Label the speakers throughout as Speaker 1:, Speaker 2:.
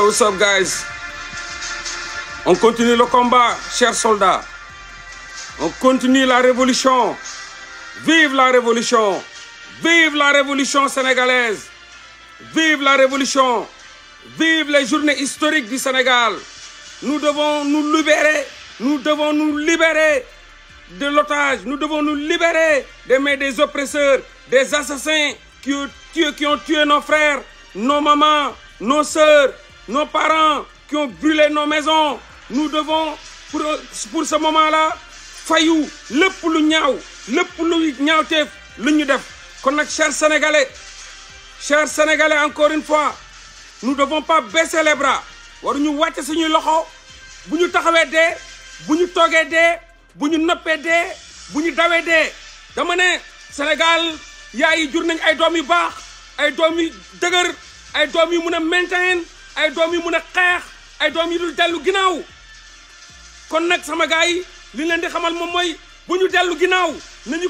Speaker 1: what's up guys On continue le combat, chers soldats. On continue la révolution. Vive la révolution. Vive la révolution sénégalaise. Vive la révolution. Vive les journées historiques du Sénégal. Nous devons nous libérer. Nous devons nous libérer de l'otage. Nous devons nous libérer des des oppresseurs, des assassins qui ont tué, qui ont tué nos frères, nos mamans, nos sœurs, nos parents qui ont brûlé nos maisons nous devons pour pour ce moment-là faire le lu ñaaw le lu ñaawteef lu le def kon chers sénégalais chers sénégalais encore une fois nous ne devons pas baisser les bras Nous devons nous loxo bu ñu taxawee dee bu ñu toogee dee bu ñu noppee dé bu ñu dama ne Sénégal yaay a jur nañ ay doom yu baax ay doom yu dëgër ay doom yu mëna a ay doom yu mun a xeex ay doom yu dul dellu ginnaaw kon nag sama gars yi leen di xamal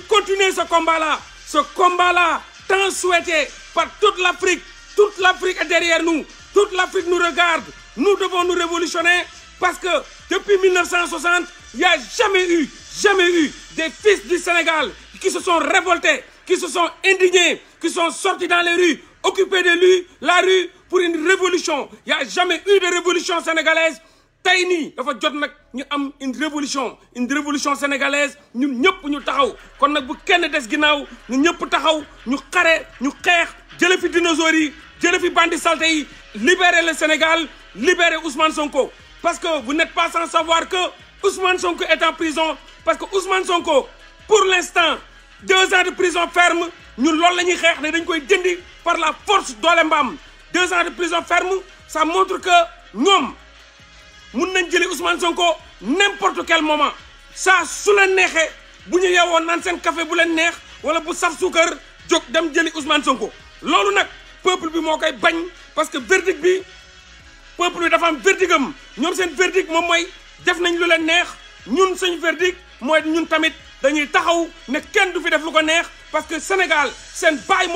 Speaker 1: continuer ce combat là ce combat là tant souhaité par toute l'Afrique. toute l'Afrique est derrière nous toute l'Afrique nous regarde nous devons nous révolutionner parce que depuis 1960 il n'y a jamais eu jamais eu des fils du Sénégal qui se sont révoltés qui se sont indignés qui sont sortis dans les rues occupés de lui la rue pour une révolution il y a jamais eu de révolution sénégalaise tey nii dafa jot ñu am une révolution une révolution sénégalaise ñun ñëpp ñu taxaw kon nag bu kenn des ginnaaw ñu ñëpp taxaw ñu xare ñu xeex jële fi dinosaures yi jële fi bandi salté yi libérer le Sénégal libérer Ousmane Sonko parce que vous n'êtes pas sans savoir que Ousmane Sonko est en prison parce que Ousmane Sonko pour l'instant deux ans de prison ferme nous l'avons fait, ñuy xeex dañ koy par la force doole deux ans de prison ferme ça montre que nous nous nañ Ousmane Sonko n'importe quel moment Ça, sous la bu ñu yeewoon un ancien café bu leen saf sucre, dem Ousmane Sonko que le peuple bi peuple parce que verdict bi peuple a dafa verdict verdict nous avons def nañ lu nous neex verdict nous, ñun tamit dañuy nous avons kenn parce que Sénégal c'est baay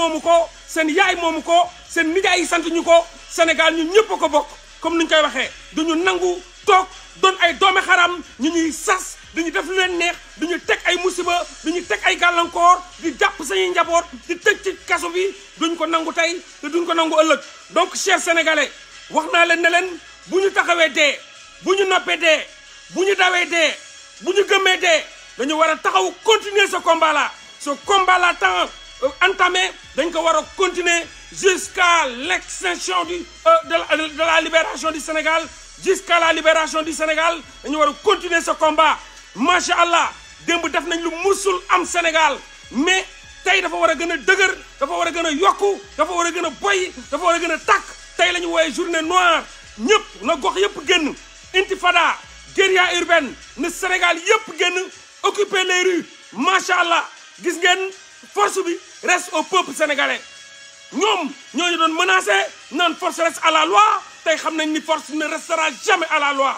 Speaker 1: c'est un sen nijaay yi sant ñuko ko Sénégal ñun ñepp ko bok comme nuñ koy waxé duñu nangu tok don ay doomi xaram ñu ñuy sas duñu def lu leen neex duñu tek ay musiba duñu tek ay gàllankoor di jàpp sañuy njabot di tek ci kasso bi duñ ko nangu tay te duñ ko nangu ëlëk donc chers sénégalais waxna leen ne leen buñu taxawé dé buñu noppé dé buñu dawé dé buñu gëmé dé dañu wara taxaw continuer ce combat là ce combat là tant euh, entamé dañ ko wara continuer jusqu'à l'extinction du euh, de la libération du Sénégal jusqu'à la libération du Sénégal dañu war continuer ce combat Masha'Allah. allah démb def nañ lu musul am Sénégal mais tey dafa war a gën a dëgër dafa war a gën a yokku dafa war a gën boy dafa war a gën a tàkk tey la ñu journée noire ñëpp na gox yëpp génn intifada guérilla urbaine le Sénégal yëpp génn occuper les rues Masha'Allah. allah gis ngeen force bi reste au peuple sénégalais ñoom ñooñu doon menacé non force reste à la loi tey xam ni force ne restera jamais à la loi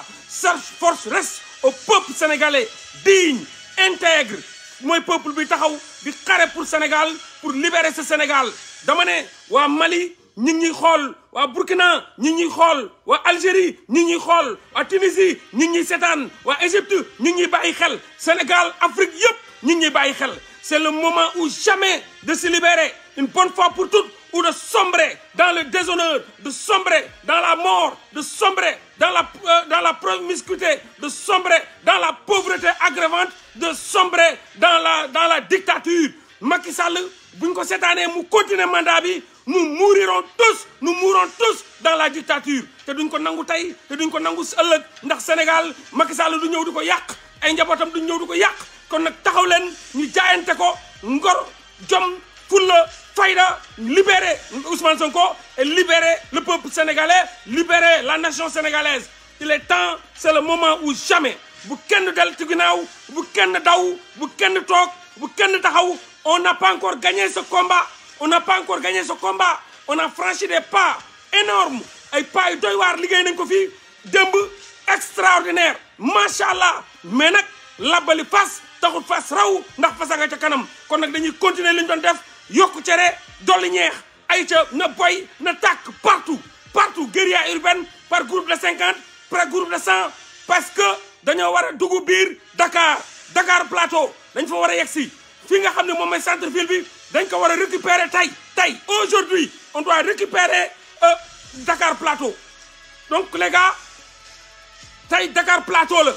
Speaker 1: force reste au peuple sénégalais digne intègre mon peuple bi taxaw di xare pour Sénégal pour libérer ce Sénégal dama ne Mali ñi ngi ñuy wa Burkina ñi ngi ñuy wa Algérie ñi ngi ñuy wa Tunisie ñi ngi ñuy wa Égypte ñi ngi ñuy xel Sénégal Afrique yëpp ñi ngi c'est le moment où jamais de se libérer une bonne fois pour toutes ou de sombrer dans le déshonneur, de sombrer dans la mort, de sombrer dans la, euh, dans la promiscuité, de sombrer dans la pauvreté aggravante, de sombrer dans la, dans la dictature. Macky Sall, cette année, nous continuons mandat, nous mourrons tous, nous mourrons tous dans la dictature. te duñ ko nangu tey te duñ ko nangu dans ndax Sénégal Macky Sall du ñëw di ko yàq ay njabootam du ñëw di ko yàq kon nag taxaw leen ñu jaayante ko ngor jom fulla Faïda, libérer Ousmane Sonko et libérer le peuple sénégalais, libérer la nation sénégalaise. Il est temps, c'est le moment ou jamais. Vous kenn tok, On n'a pas encore gagné ce combat. On n'a pas encore gagné ce combat. On a franchi des pas énormes. Et pas yu doy waar liggéey nañ ko fii démb extraordinaire macha allah mais nag labbali fas taxul passe, raw ndax fasa nga ca kanam kon nag dañuy continuer li ñu def yokku cere dolli ñeex ay ca na boy na tàkk partout partout guérilla urbaine par groupe de cinquante par groupe de cent parce que dañoo war a dugg biir Dakar Dakar plateau dañ fa war a yegsi fi nga xam ne moom may centre ville bi dañ ko war a récupérer tey tey aujourd'hui on doit récupérer euh, Dakar plateau donc les tey Dakar plateau la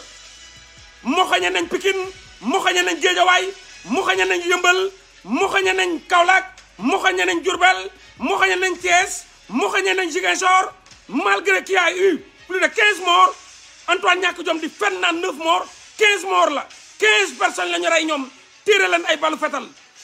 Speaker 1: moxañe nañ Pikine moxañe nañ Géejawaay moxañe nañ Yëmbal muxañe nañ Kaolack nañ nañ Thiès nañ malgré qu'il y a eu plus de 15 morts Antoine ñàkk jom di 9 morts 15 morts 15 personnes qui ont rey ñoom leen ay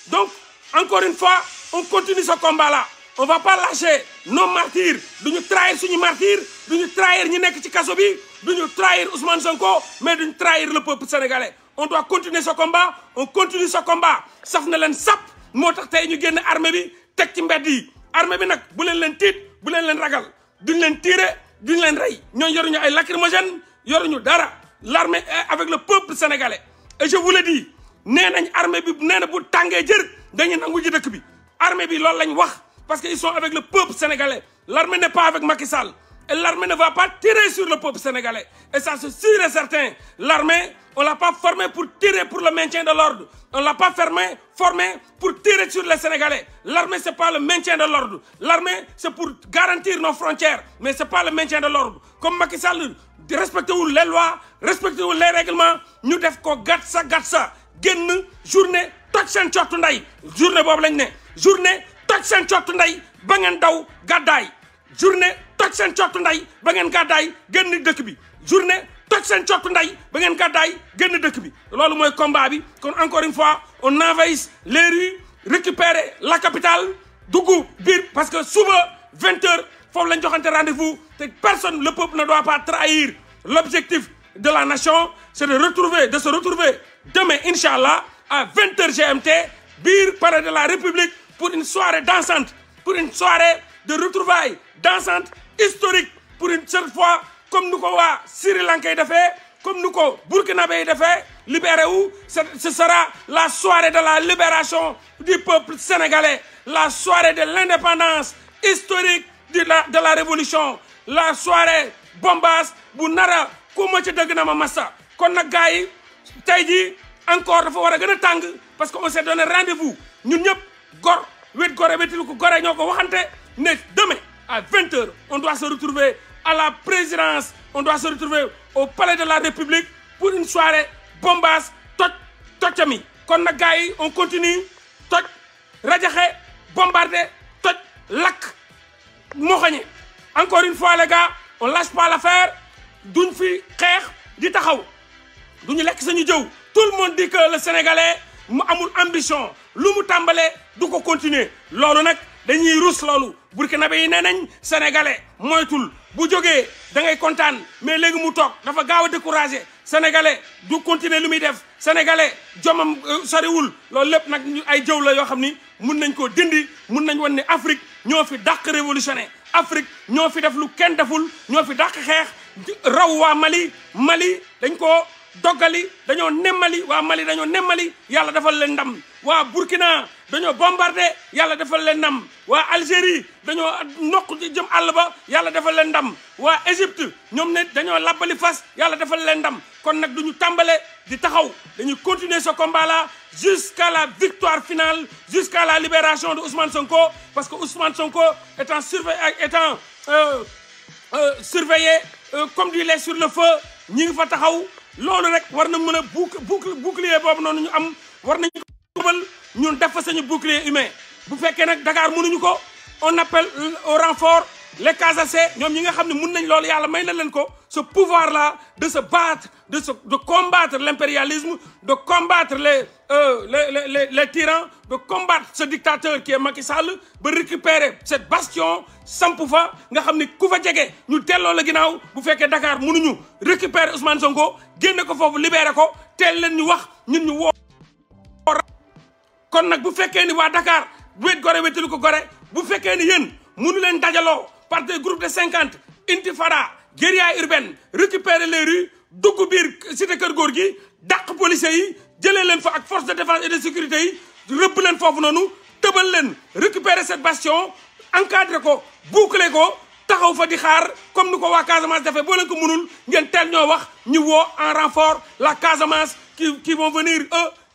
Speaker 1: donc encore une fois on continue ce combat là on va pas lâcher nos martyrs duñu trahir suñu martyrs duñu trahir ñi nekk ci kaso bi duñu trahir Ousmane Sonko mais duñu trahir le peuple sénégalais on doit continuer ce combat on continue ce combat saf na l'en sap motax tay ñu genn armée bi tek ci mbéd yi armée bi nak bu len len tiit bu len len ragal duñ len tiire duñ leen rey ñooñu yoruñu ay lacrymogène yoruñu dara l'armée est avec le peuple sénégalais et je vous le dis nee nañ armée bi nee na bu tangé jër dañuy nangu ji dëkk bi armée bi lool lañ wax parce qu'ils sont avec le peuple sénégalais l'armée n'est pas avec Macky Sall et l'armée ne va pas tirer sur le peuple sénégalais. Et ça, c'est sûr et certain. L'armée, on ne l'a pas formée pour tirer pour le maintien de l'ordre. On ne l'a pas formée formé pour tirer sur les Sénégalais. L'armée, c'est pas le maintien de l'ordre. L'armée, c'est pour garantir nos frontières. Mais c'est pas le maintien de l'ordre. Comme Macky Sall, respectez-vous les lois, respectez-vous les règlements. Nous devons garder ça, garder ça. journée, taxe en journée journée taxe en nday journée toc sen cottu nday ba ngeen journée sen nday ba ngeen bi combat encore une fois on envahit les rues récupérer la capitale du Bir, parce que souvent 20 h foofu lañ joxante rendez-vous personne le peuple ne doit pas trahir l'objectif de la nation c'est de retrouver de se retrouver demain inshallah, à 20h GMT Bir, palais de la République pour une soirée dansante pour une soirée de retrouvailles dansantes historique pour une seule fois comme nous ko Sri Lanka comme fait, comme nu Burkina Burkinabé libéré ce sera la soirée de la libération du peuple sénégalais la soirée de l'indépendance historique de la de la révolution la soirée bombasse, bu nara tu ma massa kon a dit, encore faut nous parce qu'on s'est donné rendez-vous ñun gor wet sommes nous nous, nous à 20h, on doit se retrouver à la présidence, on doit se retrouver au palais de la République pour une soirée bombasse, tot, ami, on continue, tot, rajaxe, bombarder, tot, lac, Encore une fois les gars, on lâche pas l'affaire, duñ fi xex di taxaw. Duñu lek Tout le monde dit que le Sénégalais a une ambition, lu tambalé du continuer. Lolu nak dañuy burkinabé yi nee nañ sénégalais moytul bu jógee da ngay kontaan mais léegi mu toog dafa gaaw a découragé sénégalais du continuer lu muy def sénégalais jomam euh, soriwul loolu lépp nag ay jëw la yoo xam ni mun nañ koo dindi mun nañ wan ne Afrique ñoo fi dàq révolutionné Afrique ñoo fi def lu kenn deful ñoo fi dàq xeex raw waa Mali Mali dañ ko doggali dañoo nemmali waa Mali dañoo nemmali yàlla defal leen ndam waa Burkina dañoo bombardé yalla defal leen ndam wa Algérie dañoo nokku ci jëm àll ba yalla defal leen ndam wa Égypte ñom ne dañoo labali fas yalla defal leen ndam kon nak duñu tambalé di taxaw dañuy continuer ce combat là jusqu'à la victoire finale jusqu'à la libération de Ousmane Sonko parce que Ousmane Sonko étant surve étant euh, euh, surveillé euh, comme du lait sur le feu ñi ngi fa taxaw lolu rek war na mën boucle boucle bouclier bobu nonu ñu am war nañu ñun def fa sañu bouclier humain bu fekkee nag Dakar mënuñu ko on appelle au renfort les Casaçais Nous ñi nga xam ne nañ loolu yàlla may leen ko ce pouvoir là de se battre de se de combattre l'impérialisme de combattre euh, les les les les tyrans de combattre ce dictateur qui est Macky Sall ba récupérer cette bastion sans pouvoir, nga xam ni ku fa jege ñu delloo la ginnaaw bu fekkee Dakar mënuñu récupérer Ousmane Sonko génne ko foofu libéré ko teel leen ñu wax ñun ñu kon nak bu fekkee ni waa Dakar duet gore wetilu ko gore bu fekkee ni yéen mënu leen dajaloo par des groupes de 50 intifada guérilla urbaine récupérer les rues dugg bir cité keur gor gui dàq police yi jëlee len fa ak force de défense et de sécurité yi reub len fofu noonu tebal len récupérer cette bastion encadré ko boucler ko taxaw fa di xaar comme nuko wa Casamance defee bo len ko mënul ngeen tel ñoo wax ñu wo en renfort la Casamance qui qui vont venir eux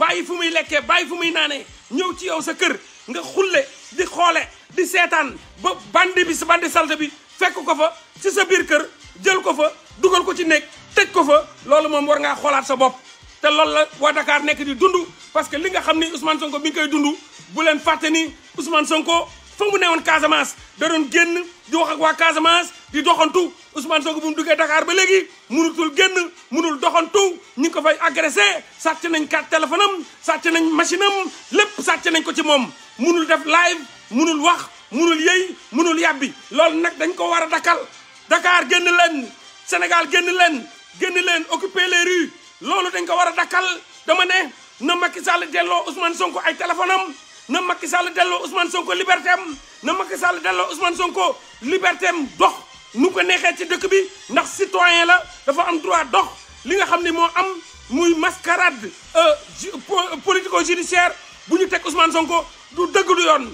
Speaker 1: bàyyi fu muy lekkee bàyyi fu muy naanee ñëw ci yow sa kër nga xule di xoole di seetaan ba bandi bi sa bandi salte bi fekk ko fa si sa biir kër jël ko fa dugal ko ci nekk tëj ko fa loolu moom war ngaa xoolaat sa bopp te loolu la waa dakaar nekk di dund parce que li nga xam ni Ousmane ko bi ngi koy dund bu leen fàtte ni Ousmane Sonko fa mu newoon Casamance da doon génn di wax ak waa Casamance di doxantu Ousmane Sonko bu mu duggee dakaar ba léegi mënutul génn mënul doxantu ñu ngi ko fay agressé sàcc nañ carte téléphone am sàcc nañ machine am lépp sàcc nañ ko ci moom mënul def live mënul wax munul yéy mënul yàbbi loolu nag dañ ko war a dakkal Dakar génn leen Sénégal génn leen génn leen occuper les rues loolu dañ ko war a dakkal dama ne na Macky Sall delloo Ousmane Sonko ay téléphone na Macky Sall delloo Ousmane Sonko liberté am na Macky Sall delloo Ousmane Sonko liberté am dox nu ko neexee ci dëkk bi ndax citoyen la dafa am droit dox li nga xamni mo am muy mascarade euh politico judiciaire bu ñu teg Ousmane Sonko du dëgg du yoon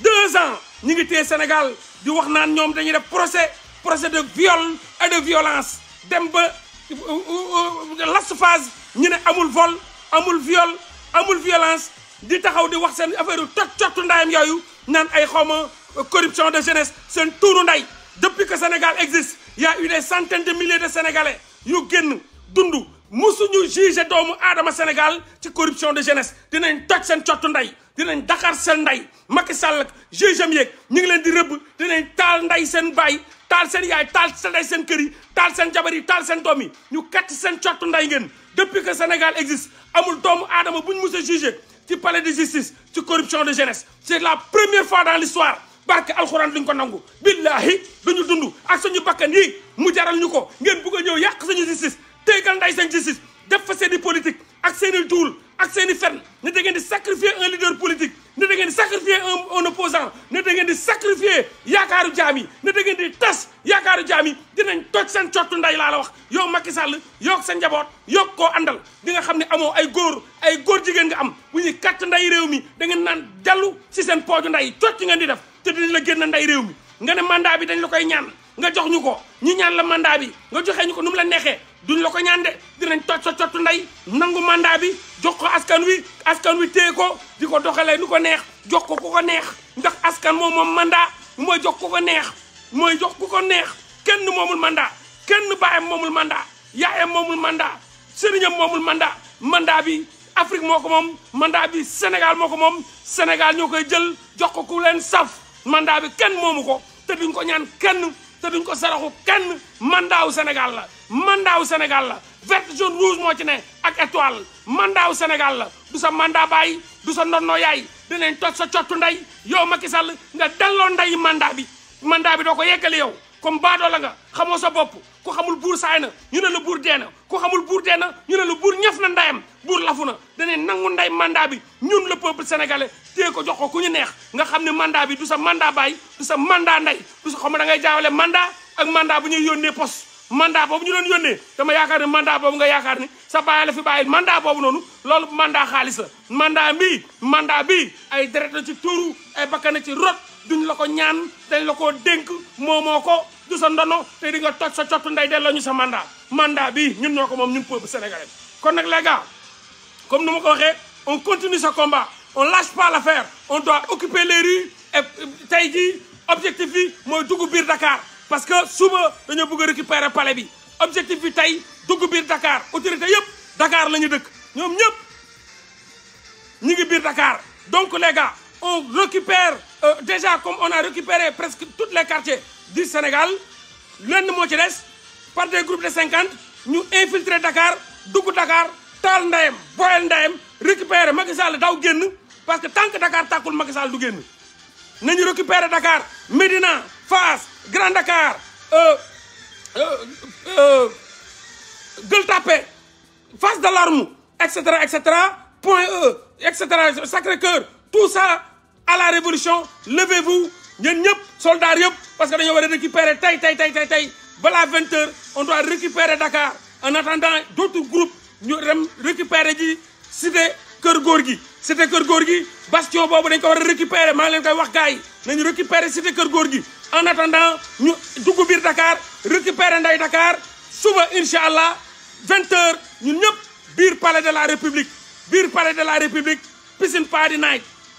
Speaker 1: 2 ans ñi ngi téye Sénégal di wax naan ñom dañuy def procès procès de viol et de violence dem ba euh, euh, euh, last phase ñu ne amul vol amul viol amul violence di taxaw di wax sen affaire tot cottu ndayam yoyu naan ay xoma euh, corruption de jeunesse sen tourou nday depuis que Sénégal existe y a eu des centaines de milliers de sénégalais yu genn dundu musuñu juger doomu adama Sénégal ci corruption de jeunesse dinañ toj sen cottu nday dinañ Dakar seen nday Macky Sall jugeam yeeg ñu ngi leen di rëbb dinañ tal nday sen bay tal sen yaay tal seen nday sen keri tal sen jabar yi taal ñu kat sen cottu nday ngeen depuis que Sénégal existe amul doomu adama buñ musse juger ci palais de justice ci corruption de jeunesse c'est la première fois dans l'histoire barke alcorane duñ ko nangu billahi duñu dund ak suñu bakkan yi mu jaral ñuko ko ngeen a suñu justice teegal nday sen justice def fa seen politique ak ak seen i fen ne da ngeen di sacrifier un leader politique ne da ngeen di sacrifier un un opposant ne da ngeen di sacrifier yaakaaru jaam yi ne da ngeen di tas yaakaaru jaam yi dinañ toj seen cottu nday laa la wax yow Macky Sall yow sa njaboot yow koo àndal di nga xam ne amoo ay góor ay góor jigéen nga am bu ñuy katt nday réew mi da ngeen naan dellu si seen pooju nday cocc ngeen di def te dañ la génn nday réew mi nga ne mandat bi dañ la koy ñaan nga jox ñu ko ñu ñaan la mandaa bi nga joxee ñu ko nu la neexee duñ la ko ñaan de dinañ toj sa cottu ndey nangu mandat bi jox ko askan wi askan wi téye ko di ko doxalee lu ko neex jox ko ku ko neex ndax askan moom moom mandat mooy jox ku ko neex mooy jox ku ko neex kenn moomul mandat kenn baayam moomul mandat yaayam moomul mandat sëriñam moomul mandat mandaa bi Afrique moo ko moom mandaa bi Sénégal moo ko moom Sénégal ñoo koy jël jox ko ku leen saf mandat bi kenn moomu ko te duñ ko ñaan kenn te duñ ko saraxu kenn mandaawu Sénégal la mandaawu Sénégal la vert jaune rouge moo ci ne ak étoile mandaaw Sénégal la du sa mandat bàyyi du sa ndonnoo yaay dinañ toj sa cottu ndey yow Macky Sall nga delloo nday mandat bi mandat bi doo ko yeggale yow comme baadoo la nga xamoo sa bopp ku xamul buur saay na ñu ne la buur dee na ku xamul buur dee na ñu ne la buur ñëf na ndayam buur lafu na dane nangu nday mandaa bi ñun le peuple sénégalais ko jox ko ku ñu neex nga xam ne mandat bi du sa mandat baay sa mandat nday du sa xam da ngay jaawale mandat ak mandat bu ñuy yónnee poste mandat boobu ñu doon yónnee dama yaakaar ne mandat boobu nga yaakaar ni sa bàyyi la fi bàyyi mandat boobu noonu loolu mandat xaalis la mandaa bii mandaa bii ay deret na ci tuuru ay bakkan na ci rot duñ la ko ñaan dañ la ko dénk moomoo ko du sa ndono te di toj sa cottu ndey delloo ñu sa mandat mandat bi ñun ñoo ko moom ñu peuple sénégalais kon nag les comme nu ma ko waxee on continue sa combat on lâche pas l'affaire on doit occuper les euh, tey ji objectif bi mooy dugg biir dakaar parce que suba dañoo bëgg a récupérer palais bi objectif bi tey dugg biir Dakar autorité yëpp dakaar lañu dëkk ñoom ñëpp ñu ngi biir dakaar donc les on récupère Euh, déjà comme on a récupéré presque tous les quartiers du Sénégal l'un de ci par des groupes de 50, nous infiltrons Dakar doukou Dakar Talendaem, ndayem récupérons ndayem récupérer Macky parce que tant que Dakar pas Macky Sall du Nous récupérons récupérer Dakar Medina, Fas, Grand Dakar Gultape, euh, Dalarme, euh, euh, de etc etc Point E etc Sacré-Cœur tout ça à la révolution levez-vous ñun ñëpp soldats parce que nous allons récupérer tey tey tey tey tey balaa 20 heures on doit récupérer Dakar en attendant d'autres groupes ñu dem récupérer ji cité Kër Góor gi. cité Kër bastion boobu dañ ko war récupérer maa ngi leen koy wax gars yi récupérer cité Kër Góor en attendant ñu dugg biir Dakar récupérer nday Dakar suba incha 20 heures ñun ñëpp biir palais de la république biir palais de la république piscine party night.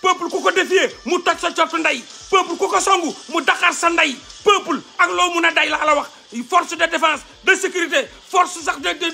Speaker 1: peuple ku ko défier mu toj sa cottu ndey peuple ku ko songu mu daqaar sa ndey peuple ak loo mun a day la ala wax force de défence de sécurité force sax de de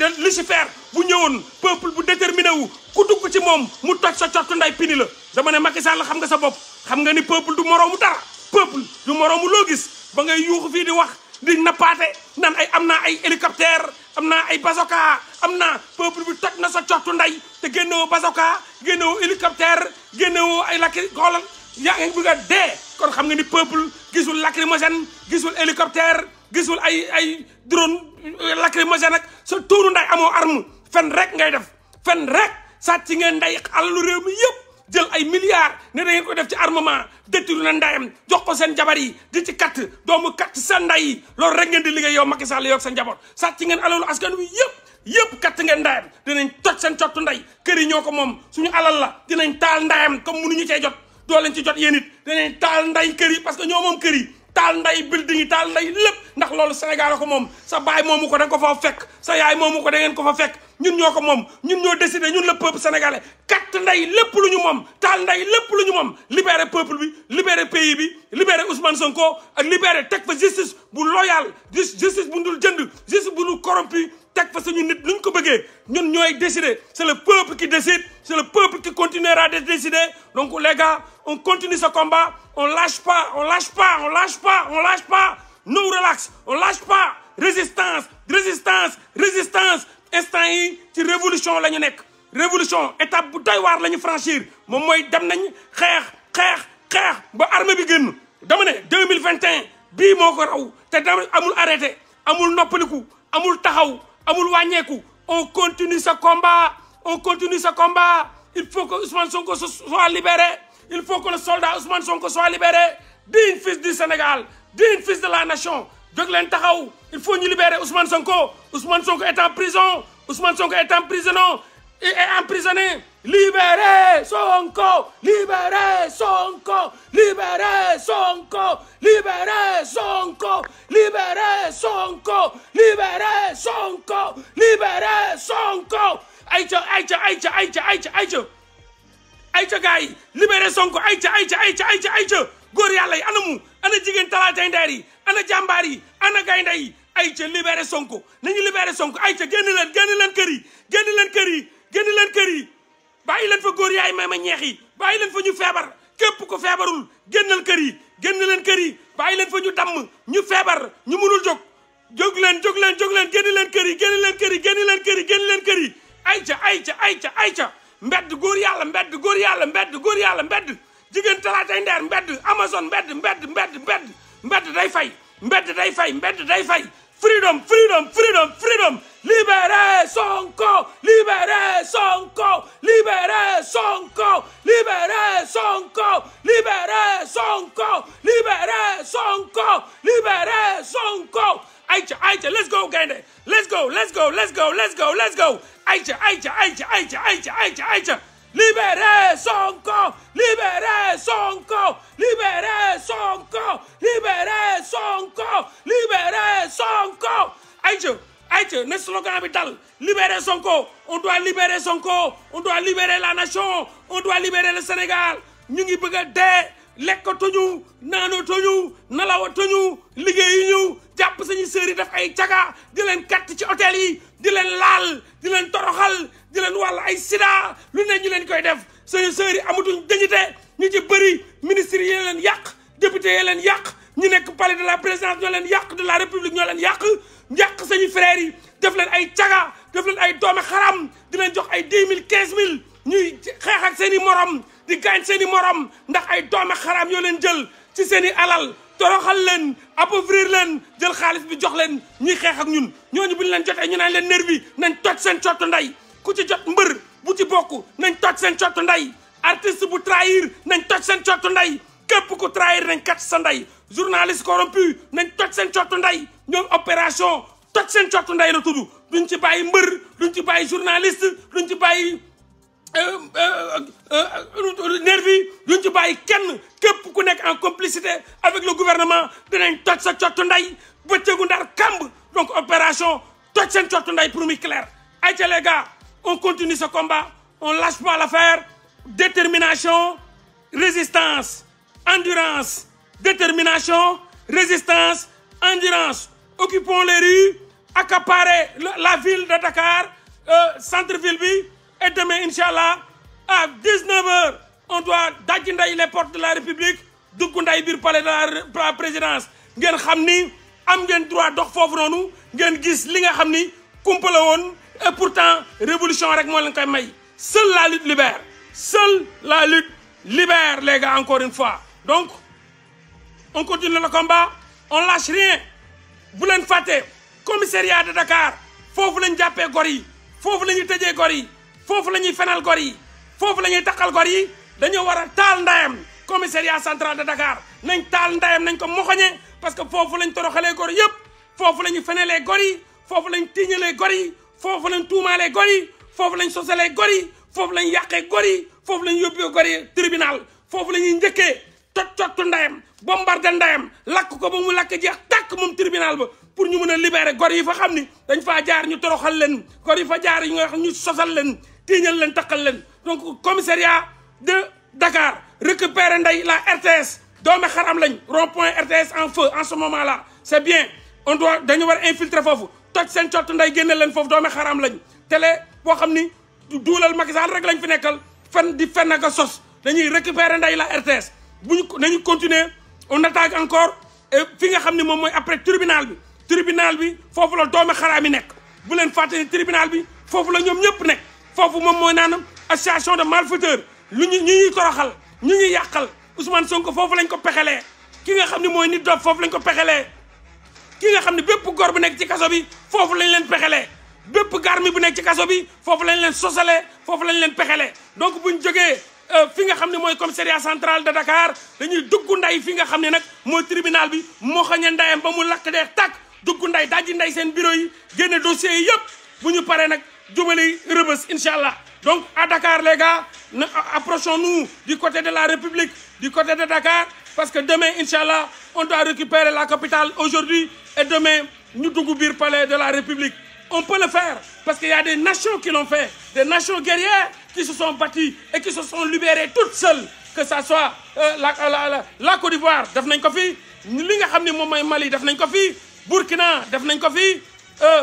Speaker 1: de Lucifer bu ñëwoon peuple bu déterminé wu ku dugg ci moom mu toj sa cottu ndey pini la dama ne Macky Sall xam nga sa bopp xam nga ni peuple du moroomu dara peuple du moroomu loo gis ba ngay yuuxu fii di wax di nappaate naan ay am na ay hélicoptère am naa ay bazoka am na peuple bi toj na sa coxtu nday te génnewoo bazoka génnewoo hélicoptère génnewoo ay lakki xoolal yaa ngi bëgg a dee kon xam nga ni peuple gisul lacrymogène gisul hélicoptère gisul ay ay drone euh, lacrymogène ak sa tuuru ndey amoo mu fen rek ngay def fen rek sàcc ngeen ndey alalu réew mi yëpp jël ay milliards ne da ko def ci armement déttiru na ndayam jox ko seen jabar yi di ci katt doomu katt seen nday yi loolu rek ngeen di liggéey yow Macky Sall yow ak sa njaboot sàcc ngeen alalu askan wi yëpp yëpp katt ngeen ndayam dinañ toj seen cottu nday kër yi ñoo ko moom suñu alal la dinañ taal ndayam comme mënuñu cee jot doo leen ci jot yéen it dinañ taal nday kër yi parce que ñoo moom kër yi taal nday building yi taal nday lépp ndax loolu Sénégal ko moom sa baay moomu ko sa yaay moomu ko da ko fa fekk ñun ñoko mom ñun ñoo décidé ñun le peuple sénégalais kat nday lepp nous mom tal nday lepp luñu mom libérer peuple bi libérer pays bi libérer Ousmane Sonko ak libérer tek fa justice bu loyal justice bu ndul jënd justice bu nu corrompu tek fa suñu nit lu ko bëggé ñun ñoy décider c'est le peuple qui décide c'est le peuple qui continuera de décider donc les gars on continue ce combat on lâche pas on lâche pas on lâche pas on lâche pas Nous relax on lâche pas résistance résistance résistance instant yi ci révolution la nek révolution étape bu doy war la franchir mom moy dem nañ xex xex xex ba armée bi génn dama né deux mille vingt et raw té amul arrêté amul noppaliku amul taxaw amul wañéku on continue ce combat on continue ce combat il faut que Ousmane Sonko soit libéré il faut que le soldat Ousmane Sonko soit libéré digne fils du Sénégal digne fils de la nation donc il faut nous libérer Ousmane Sonko Ousmane Sonko est en prison Ousmane Sonko est en prison il est emprisonné libérez Sonko libérez Sonko libérez Sonko libérez Sonko libérez Sonko libérez Sonko libérez Sonko Aïcha, aïcha, aïcha, aïcha, aïcha, aïcha. Aïcha, gars yi libérez Sonko aïcha, aïcha, aïcha, aïcha, aïcha. góor yàlla yi ana mu ana jigéen talaatay ndeer yi ana jàmbaar yi ana gaynde yi ay ca libéré sonko nañu libéré sonko ay ca génn leen génn leen kër yi génn leen kër yi génn leen kër yi bàyyi leen fa góor yaay may ma ñeex yi bàyyi leen fa ñu feebar képp ko feebarul génnal kër yi génn leen kër yi bàyyi leen fa ñu damm ñu feebar ñu mënul jóg jóg leen jóg leen jóg leen génn leen kër yi génn leen kër yi génn leen kër yi leen kër yi ay ay ca ay ca ay ca mbedd góor la mbedd góor yàlla mbedd góor yàlla mbedd jigéen talaatay ndeer mbedd Amazon mbedd mbedd mbedd mbedd mbedd day fay mbedd day fay mbedd day fay freedom freedom freedom freedom libéré Sonko libéré Sonko libéré Sonko libéré Sonko libéré Sonko libéré Sonko libéré Sonko ayca ayca let's go gaynde let's go let's go let's go let's go let's go ayca ayca ayca ayca ayca ayca ayca liberé Sonko! liberé Sonko! liberé Sonko! liberé Sonko! liberé Sonco. Aïe, aïe, ne vital, libérez Sonko! on doit libérer Sonko! on doit libérer la nation, on doit libérer le Sénégal. Nous sommes lekkatuñu naanatuñu nalawatuñu liggéeyuñu jàpp sañu sœur yi def ay caga di leen katt ci hôtel yi di leen laal di leen toroxal di leen wàll ay sida lu ne ñu leen koy def sañu sœur yi amatuñ dignité ñu ci ministres yi leen yàq député yi leen yàq ñu nekk palais de la présidence ñoo leen yàq de la république ñoo leen yàq yàq sañu frères yi def leen ay caga def leen ay doomi xaram di leen jox ay dix mille quinze mille ñuy xeex ak morom di gaañ seen i morom ndax ay doomi xaraam yoo leen jël ci seen i alal toroxal leen appauvrir leen jël xaalis bi jox leen ñuy xeex ak ñun ñooñu bi ñu leen jotee ñu naan leen nervi nañ toj seen cottu ndey ku ci jot mbër bu ci bokk nañ toj seen cottu ndey artiste bu trahir nañ toj seen cottu ndey képp ku trahir nañ kat sa ndey journaliste corrompu nañ toj seen cottu ndey ñoom opération toj seen cottu ndey la tudd duñ ci bàyyi mbër duñ ci bàyyi journaliste duñ ci bàyyi Euh, euh, euh, nervi duñ ci bàyyi kenn en complicité avec le gouvernement sa donc opération toj seen pour me clair les gars on continue ce combat on lâche pas l'affaire détermination résistance endurance détermination résistance endurance occupons les rues accaparer la ville de Dakar centre-ville bi et demain, Inch'Allah, à 19h, on doit dajindaï les portes de la République, Doukoundaï bir palais de la présidence. Vous savez, am ngeen droit dox foofu noonu ngeen gis li nga ce que vous et pourtant révolution rek moo leen koy may. Seule la lutte libère. Seule la lutte libère, les gars, encore une fois. Donc, on continue le combat. On lâche rien. Vous l'avez Commissariat de Dakar. Faut vous l'avez gori. Faut vous l'avez gori. foofu la ñuy fenal gor yi foofu la ñuy taqal gor yi dañoo war a taal ndayam commissariat central de Dakar nañ taal ndayam nañ ko moxoñe parce que foofu lañ toroxalee gor yëpp foofu lañu fenelee gor yi foofu lañ tiiñalee gor yi foofu lañ tuumaalee gor yi foofu lañ sosalee gor yi foofu lañ yàqee gor yi foofu lañ yóbbee gor yi tribunal foofu la ñuy njëkkee tot cottu ndayam bombardé ndayam lakk ko ba mu lakk jeex tàkk moom tribunal ba pour ñu mën a libérer gor yi fa xam ni dañ faa jaar ñu toroxal leen gor yi fa jaar ñu nga ñu sosal leen Donc, le donc commissariat de Dakar récupère la RTS xaram RTS en feu en ce moment là C'est bien on doit dañu war infiltrer vous toj sen nday gennel len fofu xaram télé récupérer la RTS buñu on attaque encore et fi nga après tribunal tribunal bi vous la doome xaram tribunal bi fofu la foofu moom mooy naanam association de malfaiteurs lu ñu ñu ñuy toroxal ñu ñuy yàqal soo ko foofu lañ ko pexelee ki nga xam ne mooy nit dof foofu lañ ko pexelee ki nga xam ne bépp góor bu nekk ci kaso bi foofu lañ leen pexelee bépp garmi bu nekk ci kaso bi foofu lañ leen sosalee foofu lañu leen pexelee donc bu buñ jógee euh, fi nga xam ne mooy commissariat centrale de Dakar dañuy dugg nday fi nga xam ne nag mooy tribunal bi moo xañe ndayam ba mu lakk dee tàkk dugg nday dajji nday seen bureau yi génne dossiers yi yëpp bu ñu paree nag Rebus, inshallah donc à Dakar les gars approchons-nous du côté de la République du côté de Dakar parce que demain inshallah on doit récupérer la capitale aujourd'hui et demain nous dugg biir palais de la République on peut le faire parce qu'il y a des nations qui l'ont fait des nations guerrières qui se sont battues et qui se sont libérées toutes seules que ça soit euh, la la la la Côte d'Ivoire def Kofi, Mali def Burkina def Kofi, euh,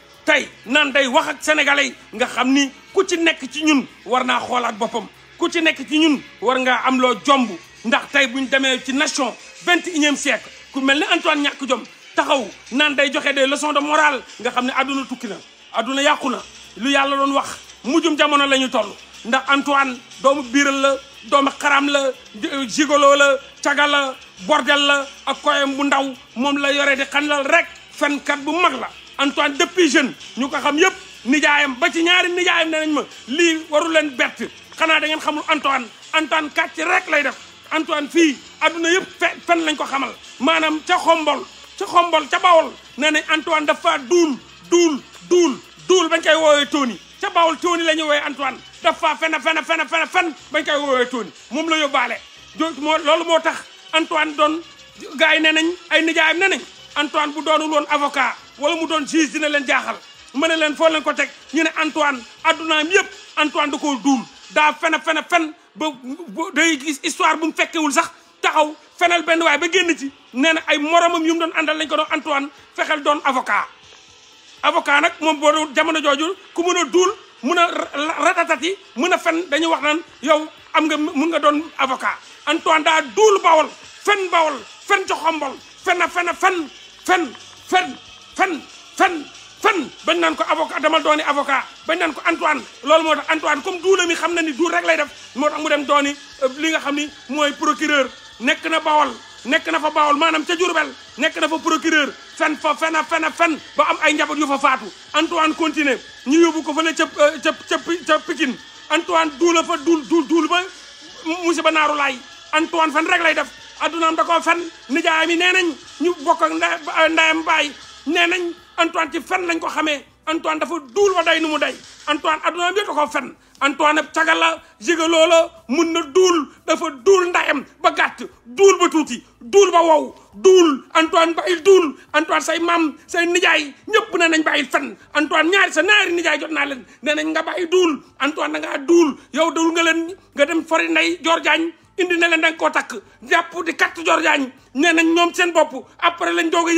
Speaker 1: tey naan day wax ak sénégalais nga xam ni ku ci nekk ci ñun war naa xoolaat boppam ku ci nekk ci ñun war ngaa am loo jomb ndax tey buñ demee ci nation vingt et unième siècle ku mel ni Antoine ñàkk jom taxaw naan day joxe des leçons de morale nga xam ne adduna tukki na adduna yàqu na lu yàlla doon wax mujjum jamono la ñu toll ndax Antoine doomu biiral la doomu xaram la euh, gigolo la caga la bordel la ak koyam bu ndaw moom la yore di xandal rek fenkat bu mag la Antoine depuis jeune ñu ko xam yëpp nijaayam ba ci ñaari nijaayam ne nañ ma lii waru leen bett xanaa da xamul Antoine Antoine kàcc rek lay def Antoine fii adduna yëpp fe fen lañ ko xamal maanaam ca xombol ca xombol ca bawol nee nañ Antoine dafa duul duul duul duul bañ koy woowee Tony ca bawol Tony la ñuy woowee Antoine dafa fen fen fen fen fen bañ koy woowee Tony moom la yóbbaale moo loolu moo tax Antoine doon gars yi ne nañ ay nijaayam ne nañ Antoine bu doonul woon avocat wala mu doon juge dina leen jaaxal ma ne leen foo leen ko teg ñu ne Antoine addunaam yëpp Antoine da koo duul daa fen a fen a fen ba gis histoire bu mu fekkewul sax taxaw fenal benn waaye ba génn ci nee na ay moromam yu mu doon àndal lañ ko doon Antoine fexeel doon avocat avocat nag moom boo jamono jooju ku mën duul mun a ratatati mën a fen dañuy wax naan yow am nga mun nga doon avocat Antoine daa duul bawol fen bawol fen ci xombol fen a fen fen fen fen fen bañ nan ko avocat dama dooni avocat bañ nan ko Antoine lolou motax Antoine comme duula mi ni dou rek lay def motax mu dem dooni euh, li nga xamni moy procureur nek na bawol nek na fa bawol manam ca Jurbel nek na fa procureur fen fa fen a fen fen ba am ay njabot yu fa fatu Antoine continue ñu yobu ko fële ca euh, ca ca ca Pikine Antoine duula fa doul doul doul ba musiba naaru lay Antoine fen rek lay def addunaam da ko fen nijaami nenañ ñu bokk ak ndayam bay nee nañ Antoine ci fen lañ ko xamee Antoine dafa duul wa day nu mu day Antoine adduna bi da ko fen Antoine ab cagal la jigaloo mun na duul dafa duul ndayam ba gàtt duul ba tuuti duul ba wow duul Antoine bàyyil duul Antoine say maam say nijaay ñëpp nee nañ bàyyil fen Antoine ñaari sa ñaari nijaay jot naa leen nee nañ nga bàyyi duul Antoine da ngaa duul yow duul nga leen nga dem fori nay Dior Diagne indi na len dang ko tak takk di kattu jor jañ ne nañ ñom seen bop après lañ doga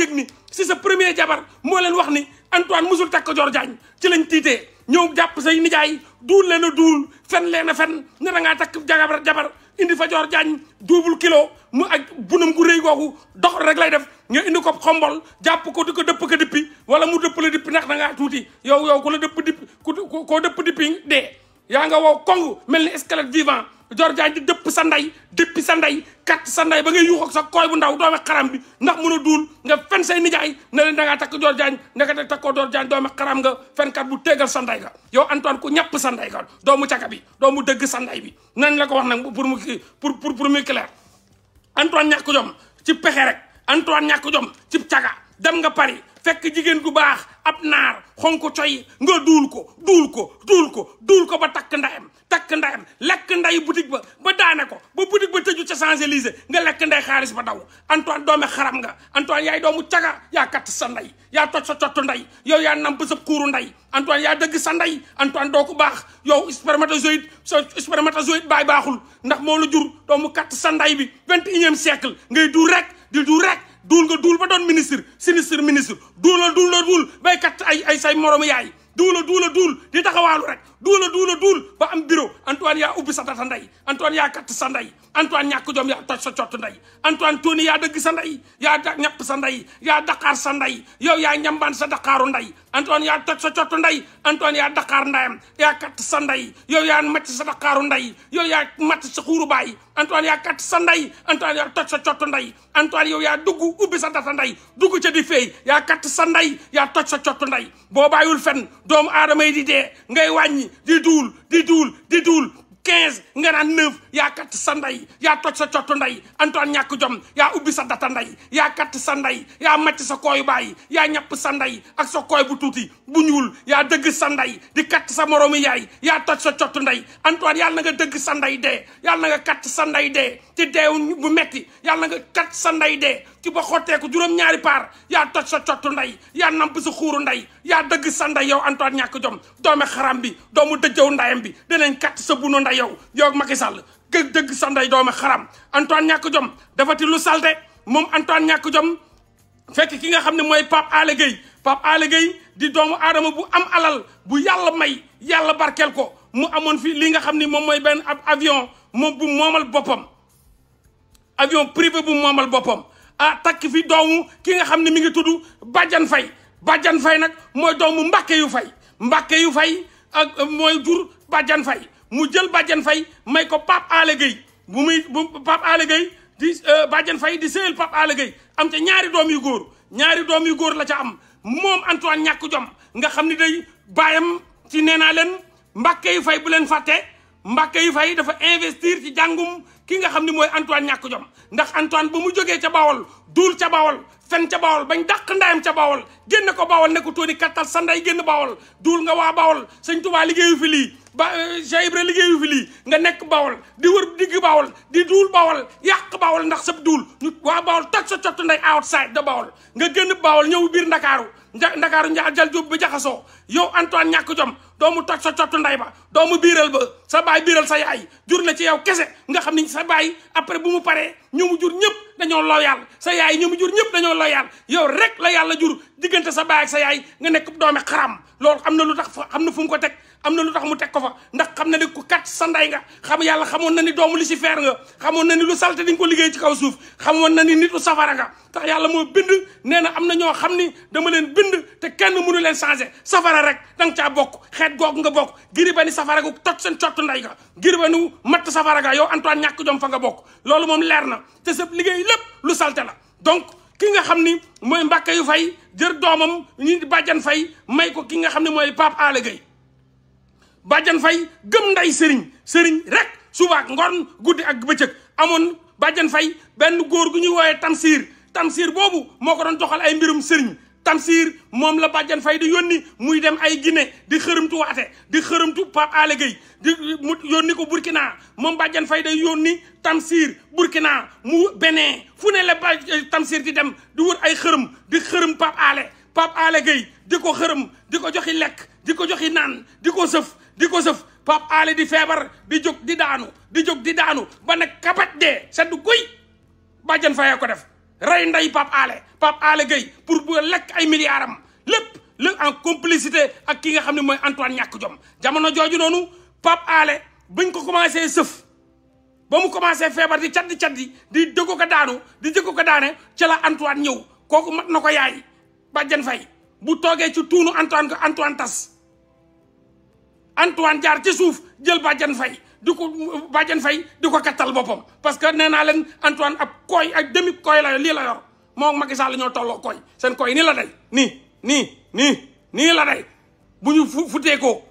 Speaker 1: si sa premier jabar mo len wax ni Antoine musul tak jor jañ ci lañ tité ñëw japp say nijaay dul leena dul fen leena fen ne nga tak jabar jabar indi fa jor jañ double kilo mu ak bunum gu reey googu dox rek lay def nga indi ko xombol japp ko diko depp dëpp ko dippi wala mu depp le dippi nak da ngaa tuuti yow yow ko la depp dippi ko depp dippi nga wo kong melni ni vivant jor jaay di depp sa nday depp sa nday kat sa nday ba ngay yuux ak sa koy bu ndaw doomi xaram bi ndax mun dul nga fen say nijaay ne leen da ngaa takk Dior Diagne tak te takkoo jaay Diagne xaram nga kat bu tegal sa nday ga yo Antoine ku sa nday ga doomu ciaka bi doomu deug sa nday bi nañ la ko wax nak pour mu pour pour pour mu clair Antoine ñak jom ci pexé rek Antoine ñak jom ci ciaka dem nga Paris fekk jigen gu bax ab naar xonk coy nga duul ko duul ko duul ko duul ko ba takk ndayam takk ndayam lekk nday boutique ba ba daane ko ba boutique ba tëju ca Champs-Élysées nga lekk nday xaalis ba daw Antoine doome xaram nga Antoine yaay doomu caga yaa katt sa nday yaa toj sa cottu nday yow yaa namp sa kuuru nday Antoine yaa dëgg sa nday Antoine doo ko baax yow spermatozoïde sa spermatozoïde baay baaxul ndax moo la jur doomu katt sa nday bi vingt et unième siècle ngay du rek di du rek duul nga duul ba doon ministre sinistre ministre duula duula duul baykat ay ay say moromu yaay duula duula duul di taxawaalu rek duula duula duul ba am bureau Antoine yaa ubbi sa tata ndey Antoine yaa katt sa ndey Antoine ñàkk jom yaa toj sa cott ndey Antoine Tony yaa dëgg sa ndey yaa ñapp sa ndey yaa daqaar sa ndey yow yaa ñambaan sa daqaaru ndey Antoine yaa toj sa cott ndey Antoine yaa daqaar ndeyam yaa sa ndey yow yaa màcc sa daqaaru ndey yow yaa màcc sa xuuru baay Antoine ya katt sa ndey Antoine yaa toj sa cott ndey Antoine yow yaa dugg ubbi sa tata ndey dugg ca di fay yaa sa ndey yaa toj sa cott ndey boo bàyyul fen doomu aadama yi di dee ngay wàññi di duul di duul di duul quinze nga naan neuf yaa katt sa nday yaa toj sa cottu ndey Antoine ñàkk jom yaa ubbi sa data nday yaa katt sa nday yaa màcc sa kooyu baay yaa ñàpp sa nday ak sa kooy bu tuuti bu ñuul yaa dëgg sa nday di katt sa moroomi yaay yaa toj sa cottu ndey Antoine yàlla na nga dëgg sa ndey dee yàlla na nga katt sa ndey dee te deew bu metti yàlla na nga katt sa ndey dee ki ba xotteeku juróom-ñaari paar yaa toj sa cottu ndey yaa namp sa xuuru ndey yaa dëgg sa ndey yow Antoine ñàkk jom doome xaram bi doomu dëjëw ndayam bi dinañ katt sa bunu yow yow Macky Sall dëgg sa ndey xaram Antoine ñàkk jom dafati lu salte moom Antoine ñàkk jom fekk ki nga xam ne mooy Pape Alé Gueye Pape Alé Gueye di doomu aadama bu am alal bu yàlla may yàlla barkeel ko mu amoon fii li nga xam ni moom mooy benn ab avion moom bu moomal boppam avion privé bu moomal boppam ah takk fi doomu ki nga xam ne mi ngi tudd Badiane fay Badiane fay nag mooy doomu Mbacke yu Faye Mbacke yu fay ak euh, mooy jur Badiane fay mu jël Badiane Faye may ko Pape Alé Gueye bu muy bu Pape Alé Gueye di euh, Badiane Faye di sëyal Pape Alé Gueye am ca ñaari doom yu góor ñaari doom yu góor la ca am moom Antoine ñàkk jom nga xam ni day baayam ci nee naa leen Mbacke yu fay bu leen fàtte Mbacké yu fay dafa investir ci jàngum ki nga xam ni mooy Antoine ñàkk jom ndax Antoine ba mu jógee ca Bawol duul ca Bawol fen ca Bawol bañ dàq ndaayam ca Bawol génn ko Bawol ne ko Tony kattal sa nday génn Bawol duul nga waa Bawol sëñ Tuubaa liggéeyu fi lii ba Cheikh Ibra liggéeyu fi lii nga nek bawol di wër digg bawol di dul bawol yak bawol ndax sab dul ñu wa bawol tax sa ciot nday outside da bawol nga génn bawol ñew biir dakaru dakaru nja jal job bi jaxaso yow Antoine ñak jom doomu tax sa ciot nday ba doomu biral ba sa bay biral sa yaay jur na ci yow kese nga xamni sa bay après bu mu paré ñu mu jur ñep dañoo loyal sa yaay ñu mu jur ñep dañoo loyal yow rek la yalla jur digënté sa bay ak sa yaay nga nek doomi xaram lool amna lu fu ko tek am na lu tax mu teg ko fa ndax xam na ni ku kat sanday nga xam yàlla xamoon na ni doomu feer nga xamoon na ni lu salte di ko liggéey ci kaw suuf xamoon na ni nitu safara nga tax yàlla moo bind nee na am na ñoo xam ni dama leen bind te kenn mënu leen changé safara rek danga caa bokk xeet googu nga bokk giri ba ni safara gu toj seen cottu nday nga giri ba nu matt safara ga yow Antoine ñàkk jom fa nga bokk loolu moom leer na te sa liggéey lépp lu salte la donc ki nga xam ni mooy Mbacke yu fay jër doomam ñu bàjjan fay may ko ki nga xam ne mooy Pape Alé bàjjan fay gëm nday sëriñ sëriñ rek suba ngor guddi ak bëccëg amoon bàjjan fay benn góor gu ñuy woowee tamsiir tamsiir boobu moo ko doon doxal ay mbirum sëriñ tamsiir moom la bàjjan fay di yónni muy dem ay Guinée di xërëmtu waate di xërëmtu Pape Alé Gueye di mu yónni ko Burkina moom bàjjan fay day yónni tamsiir Burkina mu Benin fu ne la ba eh, tamsiir di dem di wër ay xërëm di xërëm Pape Gueye di ko xërëm di ko joxi lekk di ko joxi naan di ko sëf di ko sëf Pape Alé di feebar di jóg di daanu di jóg di daanu ba nag kabat dee seddu guy bàjjan fayee ko def rey ndey Pape Alé Pape Alé Gueye pour bu lekk ay milliards am lépp lépp en complicité ak ki nga xam ne mooy Antoine ñàkk jom jamono jooju noonu Pape ale buñ ko commencé sëf ba mu commencé feebar di caddi caddi di dëggu ko daanu di dëggu ko daane ci la Antoine ñëw kooku mat na ko yaay bàjjan fay bu toogee ci tuunu Antoine ko Antoine tas Antoine jaar ci suuf jël bàjjan Faye du ko Badiane Faye di ko kattal boppam parce que nee naa leen Antoine ab koy ak demi koy la lii la yor moom Macky Sall ñoo tolloo koy seen koy nii la day nii nii nii nii la day bu ñu fu futee ko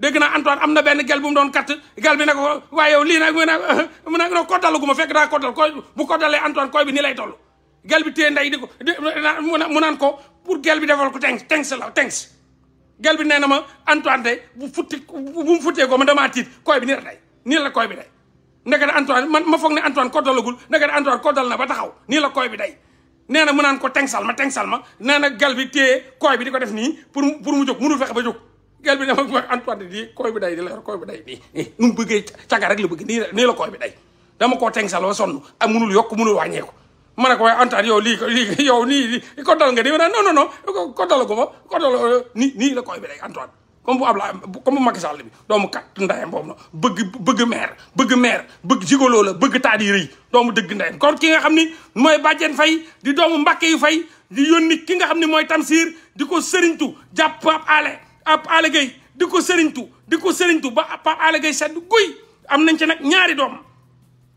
Speaker 1: dégg naa Antoine am na benn gel bu mu doon katt gel bi ne ko waaye yow lii na mu ne mu ne fekk daa koddal koy bu koddalee Antoine koy bi nii lay toll gel bi téye ndey di ko mu naan ko pour gel bi defal ko tengs tengs la tengs gel bi nee na ma Antoine tey bu futti bu mu futtee ko ma damaa tiit koy bi nii la tey nii la day man ma foog ne Antoine ko dalagul ndeke ne Antoine ko dal ba taxaw nii la koy bi day nee na mu naan ko tengsal ma tengsal ma nee na gel bi téye koy bi di ko def nii pour pour mu jóg munul fexe ba jóg gel bi ne ma Antoine di bi day di la yor koy bëggee caga rek la bëgg nii nii la koy bi day dama koo tengsal ba sonn ak munul yokk munul wàññeeku ma ne ko waaye antaat yow lii lii yow nii ko dal nga di ma ne non non non ko dal ko ma ko dal euh, nii nii la koy bi léegi Antoine comme bu Ablaye comme bu Macky Sall bi doomu kat ndayam boobu na bëgg bëgg maire bëgg maire bëgg jigoloo la bëgg taat yi rëy doomu dëgg ndayam kon ki nga xam ni mooy bàjjen fay di doomu mbàkke yu fay di yónni ki nga xam ni mooy tamsiir di ko sëriñtu jàpp Pape Alé ab Alé Gueye di ko sëriñtu di ko sëriñtu ba Pape Alé Gueye sedd guy am nañ ci nag ñaari doom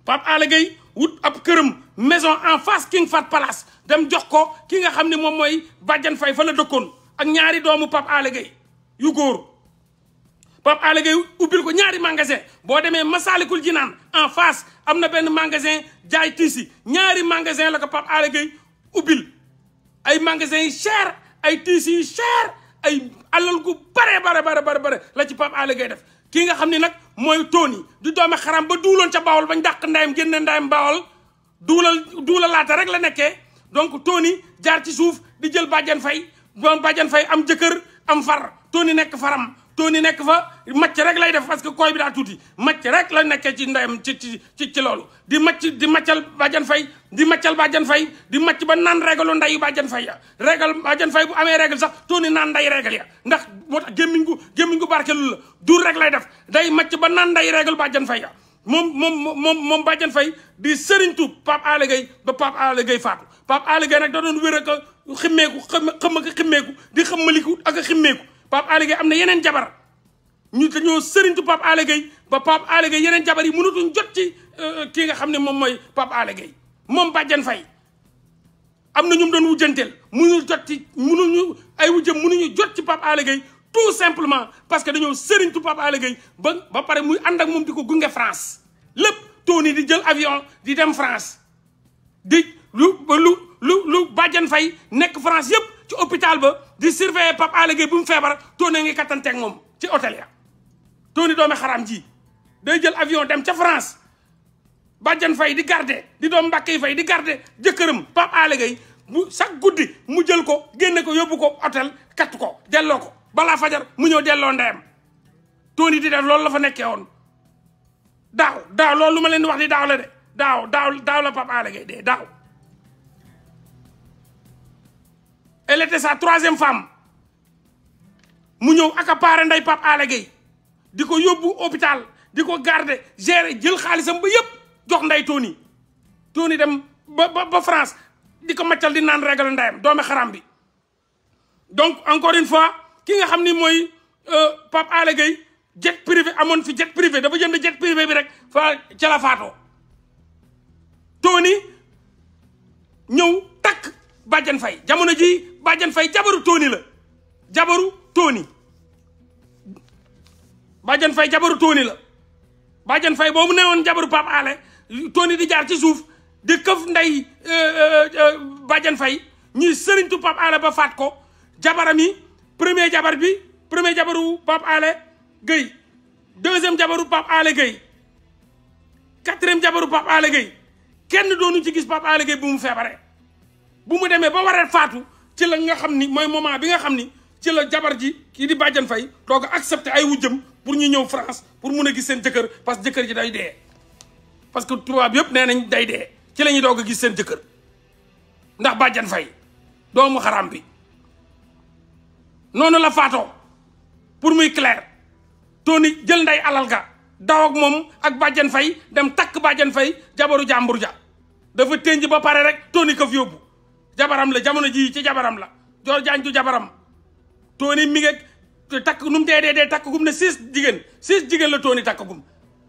Speaker 1: Pape Alé Gueye wut ab këram maison en face King Fat Palace dem jox ko ki nga xam ne moom mooy bàjjan fay fa la dëkkoon ak ñaari doomu Pape Alé Gueye yu góor Pape Alé ubbil ko ñaari mangasin boo demee Massalikul naan en face am na benn magasin jaay tiisi ñaari magasin la ko Pape Alé Gueye ubbil ay magasin yi cher ay tiisi yi cher ay alal gu bare bare bare bare la ci Pape Alé Gueye def kii nga xam ne nag mooy Tony di doomi xaram ba duuloon ca Bawol bañ dàq ndayam génne ndayam Bawol duulal duula laata rek la nekkee donc Tony jaar ci suuf di jël bàjjan fay doon fay am jëkkër am far Tony nekk faram Tony nekk fa macc rek lay def parce que kooy bi daa tuuti macc rek la nekkee ci ndeyam ci ci loolu di macc di maccal jan fay di maccal bàjjan fay di macc ba naan régalu ndeyu bàjjan fay ya régal fay bu amee régal sax Tony naan nday régal ya ndax moo tax gémmiñ gu gémmiñ gu barkelu la duur rek lay def day macc ba naan nday régal bàjjan fay ya moom moom moom moom bàjjan fay di sëriñ tuub Pape Alé Gueye ba Pape Alé Gueye faatu Pape Alé Gueye nag da doon wér ak ximmeeku xëm xëm ak ximmeeku di xëmmaliku ak a ximmeeku Pape Alé Gueye am na yeneen jabar ñu dañoo sëriñtu Pape Alé Gueye ba Pape Alé Gueye yeneen jabar yi mënatuñ jot ci euh, kii nga xam ne moom mooy Pape Alé Gueye moom bàjjan fay am na ñu doon wujjanteel mu jot ci mënuñu ay wujjam mënuñu jot ci Pape Alé Gueye tout simplement parce que dañoo sëriñtu Pape Alé Gueye ba ba pare muy ànd ak moom di ko gunge France lépp Tony di jël avion di dem France di lu lu lu lu bàjjan fay nekk France yëpp ci hôpital ba di surveiller pap Alé Gueye bu mu feebar Tony ngi ak mom ci hôtel ya Tony doomi xaram ji day jël avion dem ci France badjan fay di garder di doom mbacké fay di garder jëkërëm pap Alé Gueye bu chaque guddi mu jël ko génné ko yobbu ko hôtel kat ko dello ko bala fajar mu ñëw dello ndem tourné di def loolu la fa nekké won daw daw loolu lu ma leen wax di daw la dé daw daw daw la pap Alé Gueye de daaw elle était sa troisième femme mu ñëw accaparé nday Pape Alé Gueye di ko yóbbu hôpital di ko garder gérer jël xaalisam ba yëpp jox nday Tony Tony dem ba ba France di ko maccal di naan régal ndayam doomi xaram bi donc encore une fois ki nga xam ni mooy euh, Pape Alé Gueye jet privé amoon fi jet privé dafa jënd jet privé bi rek fa ca la faatoo ñëw takk bàjjan fay jamono ji bàjjan fay jabaru tóoni la jabaru tóoni bàjjan fay jabaru tóoni la bàjjan fay boobu ne woon jabaru Pape Alé tóoni di jaar ci suuf di këf ndey euh, euh, euh, bàjjan fay ñuy sëriñtu Pape ba faat ko jabaram yi premier jabar bi premier jabaru Pape Alé Gueye deuxième jabaru Pape Alé Gueye quatrième jabaru Pape Alé Gueye kenn doonu ci gis Pape Alé Gueye bu mu feebare bu mu demee ba war faatu ci la nga xam ni mooy moment bi nga xam ni ci la jabar ji kii di bàjjan fay doog a accepté ay wujjam pour ñu ñëw France pour mun a gis seen jëkkër parce que jëkkër ji day dee parce que tubaab yëpp nee nañ day dee ci la ñu doog a gis seen jëkkër ndax bàjjan fay doomu xaram bi noonu la faatoo pour muy clair Tony jël nday alal ga daw moom ak bàjjan fay dem takk bàjjan fay jabaru jàmbur ja dafa tënj ba pare rek Tony këf yóbbu jabaram la jamono jii ci jabaram la Dior Diagne du jabaram Tony mi ngi takk nu mu dee dee dee takkagum ne six jigéen six jigéen la Tony takkagum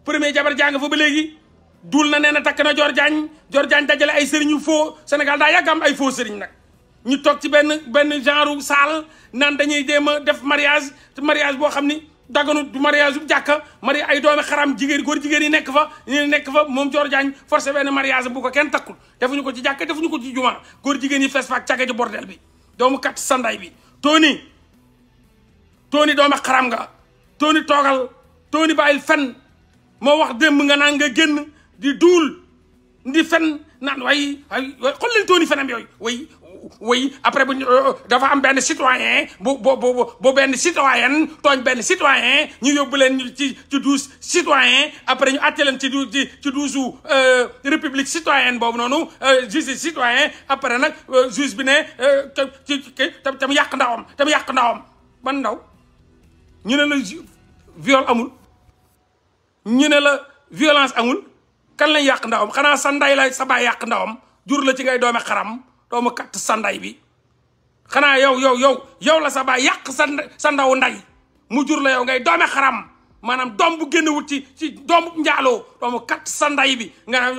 Speaker 1: premier jabar jaa nga fa ba léegi duul na nee na takk na Dior Diagne Dior Diagne dajale ay sëriñ foo faux Sénégal daa yàgg am ay faux sëriñ nag ñu toog ci benn benn genre saal nan dañuy jéem a def mariage te mariage boo xam ni daganut du mariage bu jàkka mari ay doomi xaram jigéen góor jigéen yi nekk fa ñu nekk fa moom Dior Diagne forcé benn mariage bu ko kenn takkul defuñu ko ci jàkka defuñu ko ci jumaa góor jigéen yi fes faak caga ji bordel bi doomu kat sanday bi Tony Tony doomi xaram nga Tony toogal Tony bàyyil fen moo wax démb nga naan nga génn di duul ndi fen naan waaye ay xool leen Tony fenam yooyu way oui après bu ñu euh, euh, dafa am benn citoyen bu bu bu bu benn citoyenne tooñ benn citoyen ñu yóbbu leen ci ci douze citoyen après ñu àtte leen ci du ci ci douze euh, république citoyenne boobu noonu juge citoyen après nag juge bi ne ci tam yàq ndawam tam yàq ndawam ban ndaw ñu ne la viol amul ñu ne la violence amul kan lañ yàq ndawam xanaa sa nday la sa baay yàq ndawam jur la ci ngay doome xaram doomu katt sa nday bi xanaa yow yow yow yow la sa baay yàq sa sa ndaw nday mu jur la yow ngay doome xaram maanaam doom bu génn wut ci ci doomu njaaloo doomu kat sa nday bi nga ne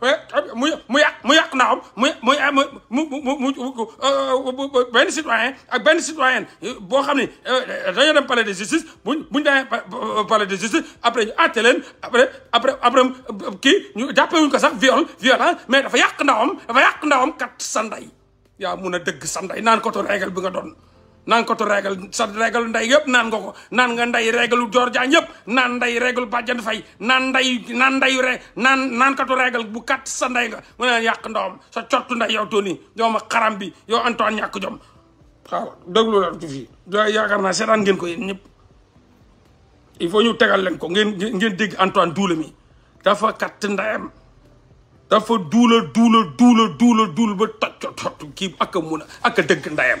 Speaker 1: eh, mu mu yàq mu yàq ndawam mu mu mu mu mu eh, benn citoyen ak benn citoyenne boo xam ne eh, dañoo dem palais de justice buñ buñ demee euh, palais de justice après ñu àtte leen après après après kii ñu jàppewuñ ko sax viol a mais dafa yàq ndawam dafa yàq ndawam kat sa nday yaa mun a dëgg sa nday naan ko to régal bi nga doon naan ko to régal sa régalu nday yëpp naan nga ko naan nga nday régalu Dior naan nday régalu Badiane Faye naan nday naan nday re naan bu kat sa nday nga mu neen yàq ndawam sa cottu nday yow Tony yow ma xaram bi yow Antoine ñàkk jom waaw déglu la ci fii yaakaar naa ngeen ko yéen ñëpp il faut ñu tegal leen ko ngeen ngeen dégg Antoine duule mi dafa katt ndayam dafa duula duula duula duula duul ba toj toj kii ak a mun dëgg ndayam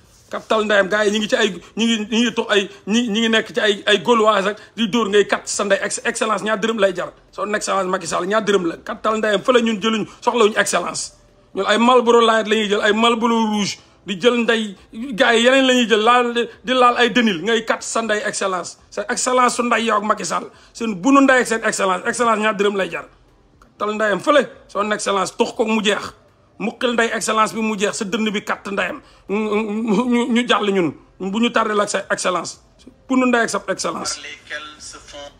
Speaker 1: capital ndayam gars yi ñi ngi ci ay ñi ngi ñi ngi tux ay ñi ñi ngi nekk ci ay ay gaulois ak di dóor ngay kat sa ndey excellence ñaar dërëm lay jar son excellence Macky Sall ñaar dërëm la capital ndayam fa la ñun jëluñu soxlawuñu excellence ñun ay Marlboro Light la ñuy jël ay Marlboro rouge di jël ndey gars yi la ñuy jël laal di laal ay denil ngay kat sa ndey excellence sa excellence su ndey yow ak Macky seen bu nu ndey ak seen excellence excellence ñaa dërëm lay jar capital ndayam fële son excellence tux kook mu jeex mukkel nday excellence bi mu jeex sa dënd bi kat ndayam ñu jall ñun bu ñu tardé lak sa excellence pour nu nday ak sa excellence par lesquels se font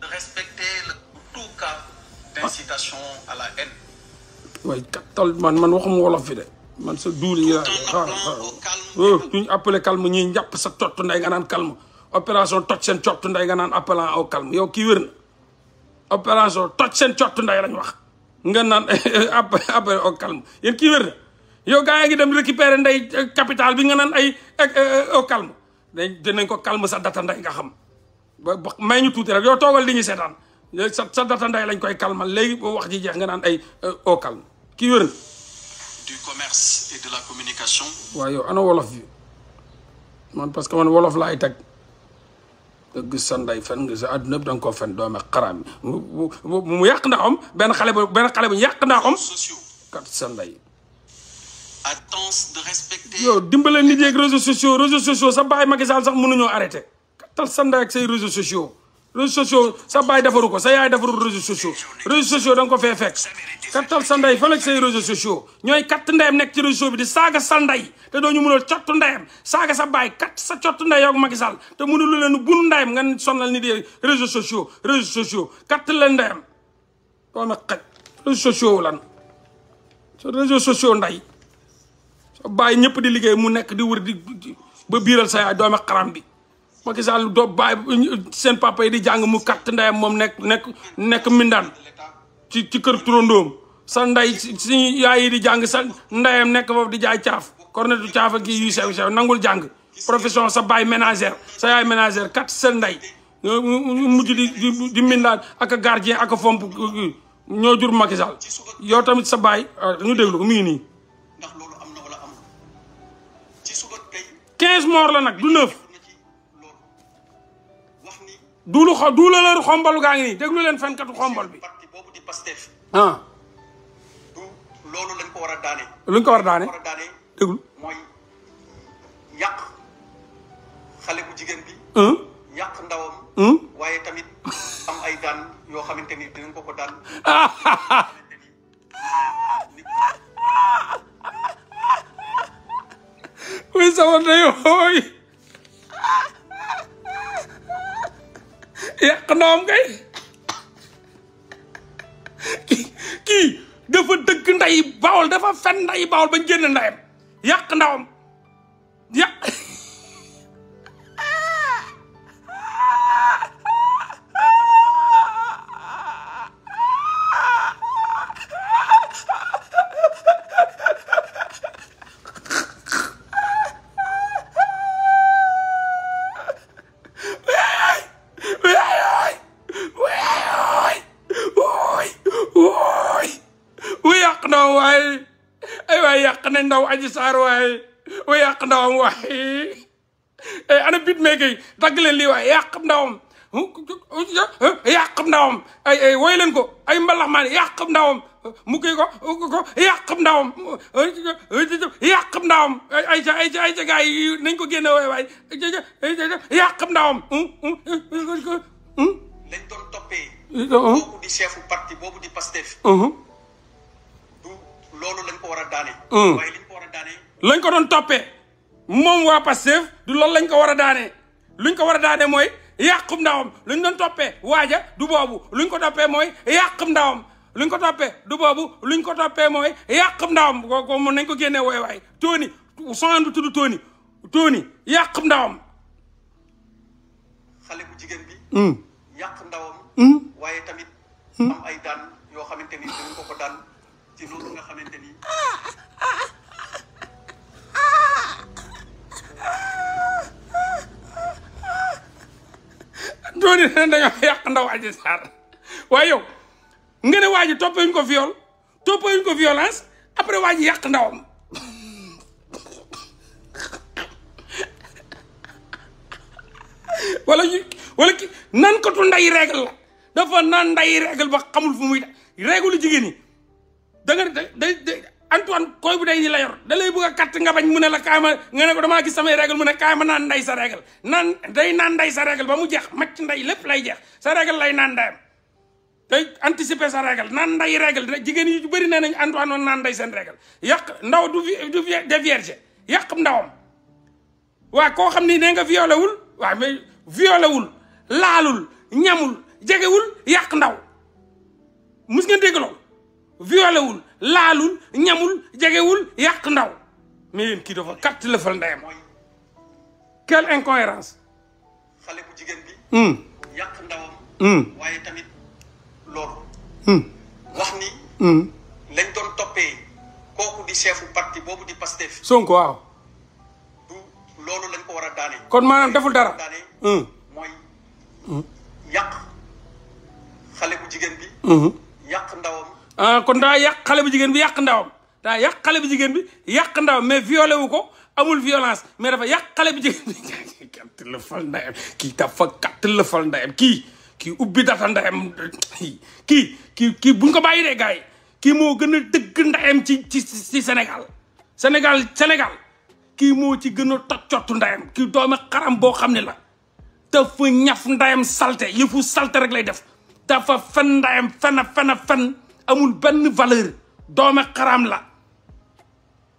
Speaker 1: man man waxum wolof fi de man sa duul ñi la ñu appelé calme ñi njàpp sa tott nday nga naan calme opération toj seen cott nday nga naan appelant au calme yow kii wér opération toj seen cott nday lañ wax nga naan après au oh, calme yéen kii wér na gaa yaa ngi dem récupérer nday eh, capital bi nga naan ay au eh, eh, oh, calme dinañ ko calme sa data ndey nga xam ba may ñu tuuti rek yow toogal li ñuy seetaan sa data ndey lañ koy calmal léegi boo wax ji jeex nga naan ay au oh, calme kii wér du commerce et de la communication. waaw yow ana wolof bi man parce que man wolof laay teg. nga gis sa ndey fen nga sa àdduna bi da nga koo fen doome xaraam mu mu yàq na om benn xale bu benn xale bu yàq na om kat sa ndey yow dimbale nit yeeg réseaux sociaux réseaux sociaux sa baay Macky Sall sax mënuñoo arrêté katal sa ndey ak say réseaux sociaux réseaux sociaux sa baay defaru ko sa yaay defaru réseaux sociaux réseaux sociaux da nga ko fee fekk kattal sociaux ñooy katt ndeyam nekk ci réseau bi di saaga sa ndey te doo ñu mënal cottu ndeyam sa baay katt sa cottu ndey yoog Macky te mënu lu leen bunu ndeyam nga sonal ni di réseaux sociaux réseaux sociaux katt leen ndeyam doo na xaj réseaux sa réseaux sociaux ñëpp di liggéey mu nekk di wër di ba biiral sa yaay doome xaram bi Macky Sall do bay sen papa yi di jang mu kat nday mom nek nek nek mindan ci ci keur turondom sa nday si yaay di jang sa ndayam nek bob di jaay tiaf cornetu tiaf ak yu sew sew nangul jang profession sa bay ménagère sa yaay ménagère kat sa nday muju di di mindan ak gardien ak fomp ño jur Macky Sall yo tamit sa bay ah, ñu deglu mi ni 15 morts la du 9 duulu xo duulu leer xombalu gaa ngi nii déglu leen fenkatu xombal bi. parti boobu di Pastef. ah. du loolu lañ ko war a daane. luñ ko war a daane déglu. mooy yàq xale bu jigéen bi. yàq ndawam. waaye tamit am ay daan yoo xamante ni dinañ ko ko daan. oui sama ndeyooy. yàq ndawam kay kii kii dafa dëgg nday bawol dafa fen nday bawol bañ génn ndayam yàq ndawam yàq ana ndaw aji saar waaye wa yàq ndawam waaye eh, ana bit meekay dagg leen lii waaye yàq ndawam yàq ndawam ay ay woy leen ko ay mbalax maan yàq ndawam mu kii ko ko yàq ndawam yàq ndawam ay ca ay ca ay ca gars yi nañ ko génne waay waay yàq ndawam lañ doon toppee boobu di chefu parti boobu di Pastef loolu lañ ko war a daane. Hmm. war a daane. lañ ko doon toppee moom waa Pastef du loolu lañ ko war a daane luñ ko war a daane mooy yàqum ndawam luñ doon toppee waaja du boobu luñ ko toppee mooy yàqum ndawam. luñ ko toppee du boobu luñ ko toppee mooy yàqum ndawam ko mën nañ ko génnee waay waay Tony sondu tudd Tony Tony yàqum ndawam. xale bu jigéen bi. Hmm. ndawam. Hmm. waaye tamit. ay daan yoo xamante ni dañ ci nga xamante ni. dooni ne dañoo yàq ndaw Adji waaye yow nga ne waa ji toppee ñu ko violence après waa yàq ndawam. wala ñu wala ki nan ko tu nday règle dafa naan nday règle ba xamul fu muy règle jigéen ñi. da nga day day Antoine koy bu day ni la yor da bëgg kat nga bañ mu ne la kama nga ne ko dama gis samay règle mu ne kama nan nday sa règle nan day nan nday sa règle ba mu jeex macc nday lepp lay jeex sa règle lay nan nday day anticiper sa règle nan nday règle jigen yu bari nañ Antoine nan nday sen règle yak ndaw du du de vierge yak ndawam wa ko xamni ne nga violé wul wa mais violé wul laalul ñamul wul yak ndaw mus ngeen dégg violewul laalul ñamul jegewul yàq ndaw mais yéen kii dafa kàtt lëfal ndeyam quelle incohérence xale jigéen bi hmm. yàq ndawam hmm. waaye tamit loolu hmm. wax lañ doon toppee kooku di chefu parti boobu di Pastef Sonko waaw lañ ko war a daane kon maanaam deful dara daane mooy jigéen bi yàq ndawam ah kon daa yàq xale bu jigéen bi yàq ndawam daa yàq bu jigéen bi yàq ndawam mais violé wu ko amul violence mais dafa yàq xale bu jigéen bi katt la fal ndayam kii dafa katt la kii kii ubbi data ndayam kii kii kii buñ ko bàyyi dee kii moo gën a dëgg ndayam ci ci ci Sénégal Sénégal Sénégal kii moo ci gën a toccottu ndayam kii doomi xaram boo xam ne la dafa ñaf ndayam salte yëfu salte rek lay def dafa fen ndayam fen a fen a fen amul benn valeur doome xaraam la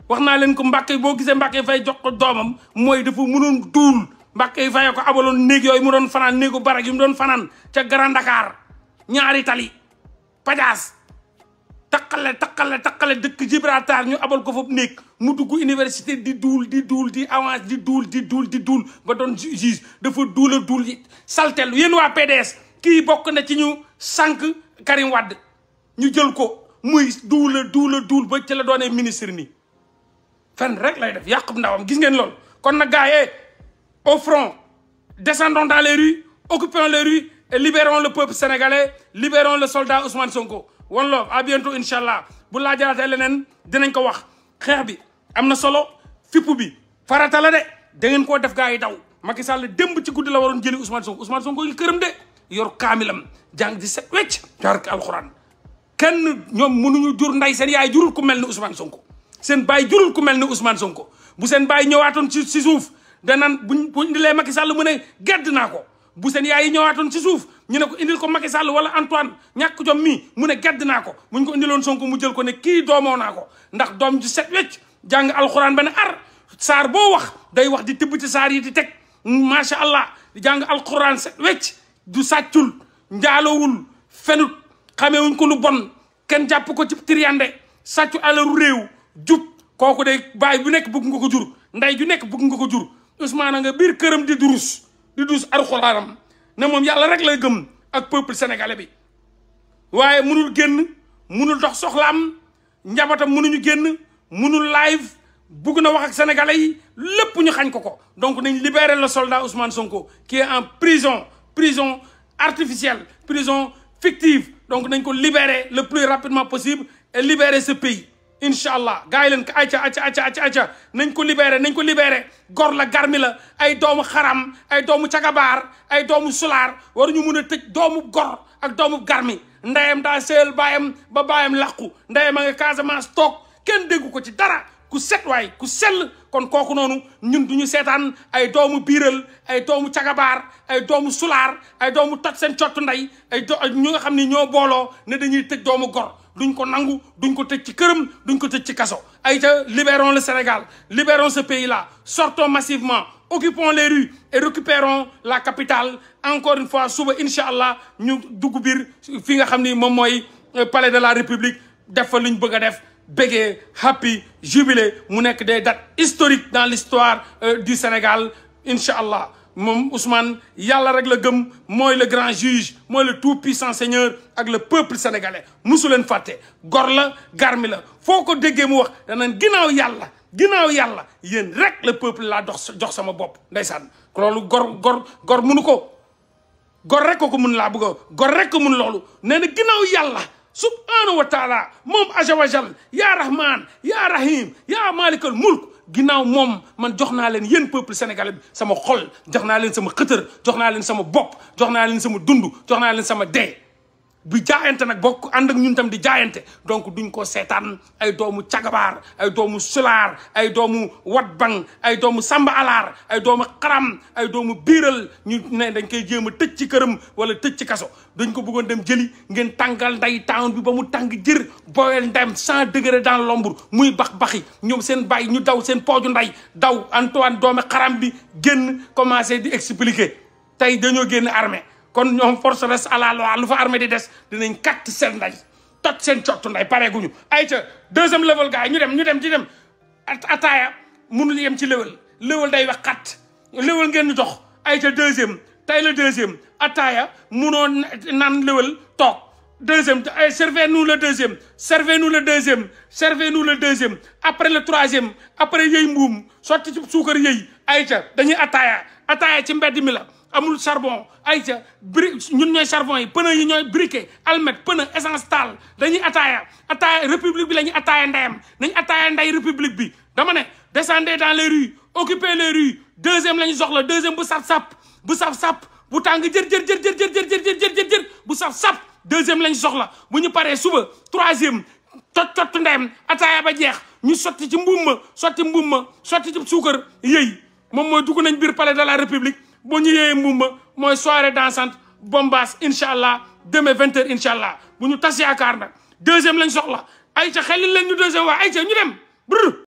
Speaker 1: wax naa leen ko Mbàkke boo gisee Mbàkke Faye jox ko doomam mooy dafa mënoon duul Mbàkke Faye ko abaloon néeg yooyu mu doon fanaan néegu barak yu mu doon fanaan ca Grand Dakar ñaari tali pajaas taqale taqale taqale dëkk Gibraltar ñu abal ko foofu néeg mu dugg université di duul di duul di avance di duul di duul di duul ba doon juge dafa duula duul saltel yéen waa PDS kii bokk na ci ñu sànq Karim Wade ñu jël ko muy duula duula duul ba ci la doonee ministre nii fen rek lay def yàqub ndawam gis ngeen loolu kon nag gars yi au front descendons dans les rues occupons les rues et le peuple sénégalais libérons le soldat Ousmane Sonko one love à bientôt incha allah bu laajaatee leneen dinañ ko wax xeex bi am na solo fippu bi farata la de da ngeen koo def gars yi daw Macky Sall démb ci guddi la waroon jëli Ousmane Sonko Ousmane Sonko ngi këram de yor kaamilam jàng di set wecc kenn ñoom mënuñu jur nday seen yaay jurul ku melni Ousmane Sonko seen baay jurul ku melni Ousmane Sonko bu seen ci ci suuf danan nan bu indilee Macky Sall mu ne gedd naa ko bu seen yaay yi ci suuf ñu ne ko indil ko Macky Sall wala Antoine ñak jom mi mu ne gedd naa ko muñ ko indiloon Sonko mu jël ko ne ki doomo naa ko ndax dom ju set wecc jang alcorane ben ar sar bo wax day wax di ci sar yi di tek masha allah jang Al alxuraan set wecc du satul ndialowul fenut xamewuñ ko lu bon ken japp ko ci triandé satchu alalu rew djup koku day bay bu nek bëgg nga ko jur nday ju nek bëgg nga ko jur Ousmane nga bir kërëm di durus di dus arxuraanam ne mom yalla rek lay gëm ak peuple sénégalais bi waye mënul genn mënul dox soxlam njabootam munuñu genn mënul live bugg na wax ak sénégalais yi lepp ñu xagn ko ko donc nañ libérer le soldat Ousmane Sonko qui est en prison prison artificielle prison fictive donc nañ ko libérer le plus rapidement possible et libérer ce pays incha allah gars yi leen ko acca acca acca nañ ko libérer nañ ko libérer gor la garmi la ay doomu xaram ay doomu cagabaar ay doomu sulaar waruñu mun a tëj doomu gor ak doomu garmi ndeyam daa seel baayam ba baayam làqu ndeyam a nga Casamance toog kenn déggu ko ci dara ku set way ku sel kon ñun duñu sétane ay doomu biral ay doomu ay doomu que ay doomu sen nday dañuy gor nangu duñ ko ci duñ ko ay libérons le Sénégal libérons ce pays là sortons massivement occupons les rues et récupérons la capitale encore une fois suba inshallah inshallah, ñu dugg bir fi nga euh, palais de la république def fa liñ Bégué happy jubilé mu nekk des dates historiques dans l'histoire euh, du Sénégal inshallah allah Ousmane Yalla rek la gëm le grand juge Moi le tout puissant seigneur ak le peuple sénégalais musu Fate, Gorla Garmila la garmi la foo ko déggee Yalla wax Yalla Yen rek le peuple Là dox jox sama bopp gor gor gor munu ko gor rek ko ko la laa gor rek ko Yalla. subhanahu wa taala moom ajawajal yaa rahman yaa rahim yaa malikal mulk ginnaaw moom man jox naa leen yéen peuple sénégalais bi sama xol jox naa leen sama xëtër jox naa leen sama bopp jox naa leen sama dund jox naa leen sama dee bi jaayante nag bokk ànd ak ñun tam di jaayante donc duñ ko seetaan ay doomu cagabaar ay doomu sulaar ay doomu wat watbang ay doomu samba alaar ay doomu xaram ay doomu biiral ñu ne dañ koy jéem a tëj ci këram wala tëj ci kaso dañ ko bëggoon dem jëli ngeen tàngal nday town bi ba mu tàng jër booyal ndem cent degré dans l'ombre muy bax-baxi ñëw seen bay ñu daw seen pooju nday daw Antoine doomu xaram bi génn commencé di expliquer tey dañoo génn armée kon ñoom force reste à la loi lu fa armée di des dinañ katt seen nday tot seen cottu nday pare guñu ay ca deuxième level gars yi ñu dem ñu dem ci dem ataaya mënul yem ci level level day wax xat level ngeen ñu jox ay ca deuxième tey la deuxième ataaya munoo naan level toog deuxième servez nous le deuxième serve nous le deuxième servez nous le deuxième après le troisième après yëy mbuum sotti ci suukar yëy ay ca dañuy ataaya ataaya ci mbedd mi la amul charbon ay ca bri ñun ñooy charbon yi pneu yi ñooy briquet almet pneu essence taal dañuy ataaya ataaya république bi la ñuy ataaya ndeyam nañ ataaya ndey république bi dama ne descendez dans les rues occupez les rues deuxième la ñu soxla deuxième bu sap sap bu bu tàng jër jër jër jër jër jër jër jër bu sap sap deuxième la ñu soxla bu ñu paree suba troisième tot tot ndeyam ataaya ba jeex ñu sotti ci mbuum ma sotti mbuum ma sotti ci suukar yëy moom mooy dugg nañ biir palais de la république bu ñu yee Mboumba mooy soirée dansante bombaas incha allah demain vingt heures incha allah bu ñu tas yaakaar nag deuxième lañ soxla ayca xelil leen ñu deuxième waa ayca ñu dem brr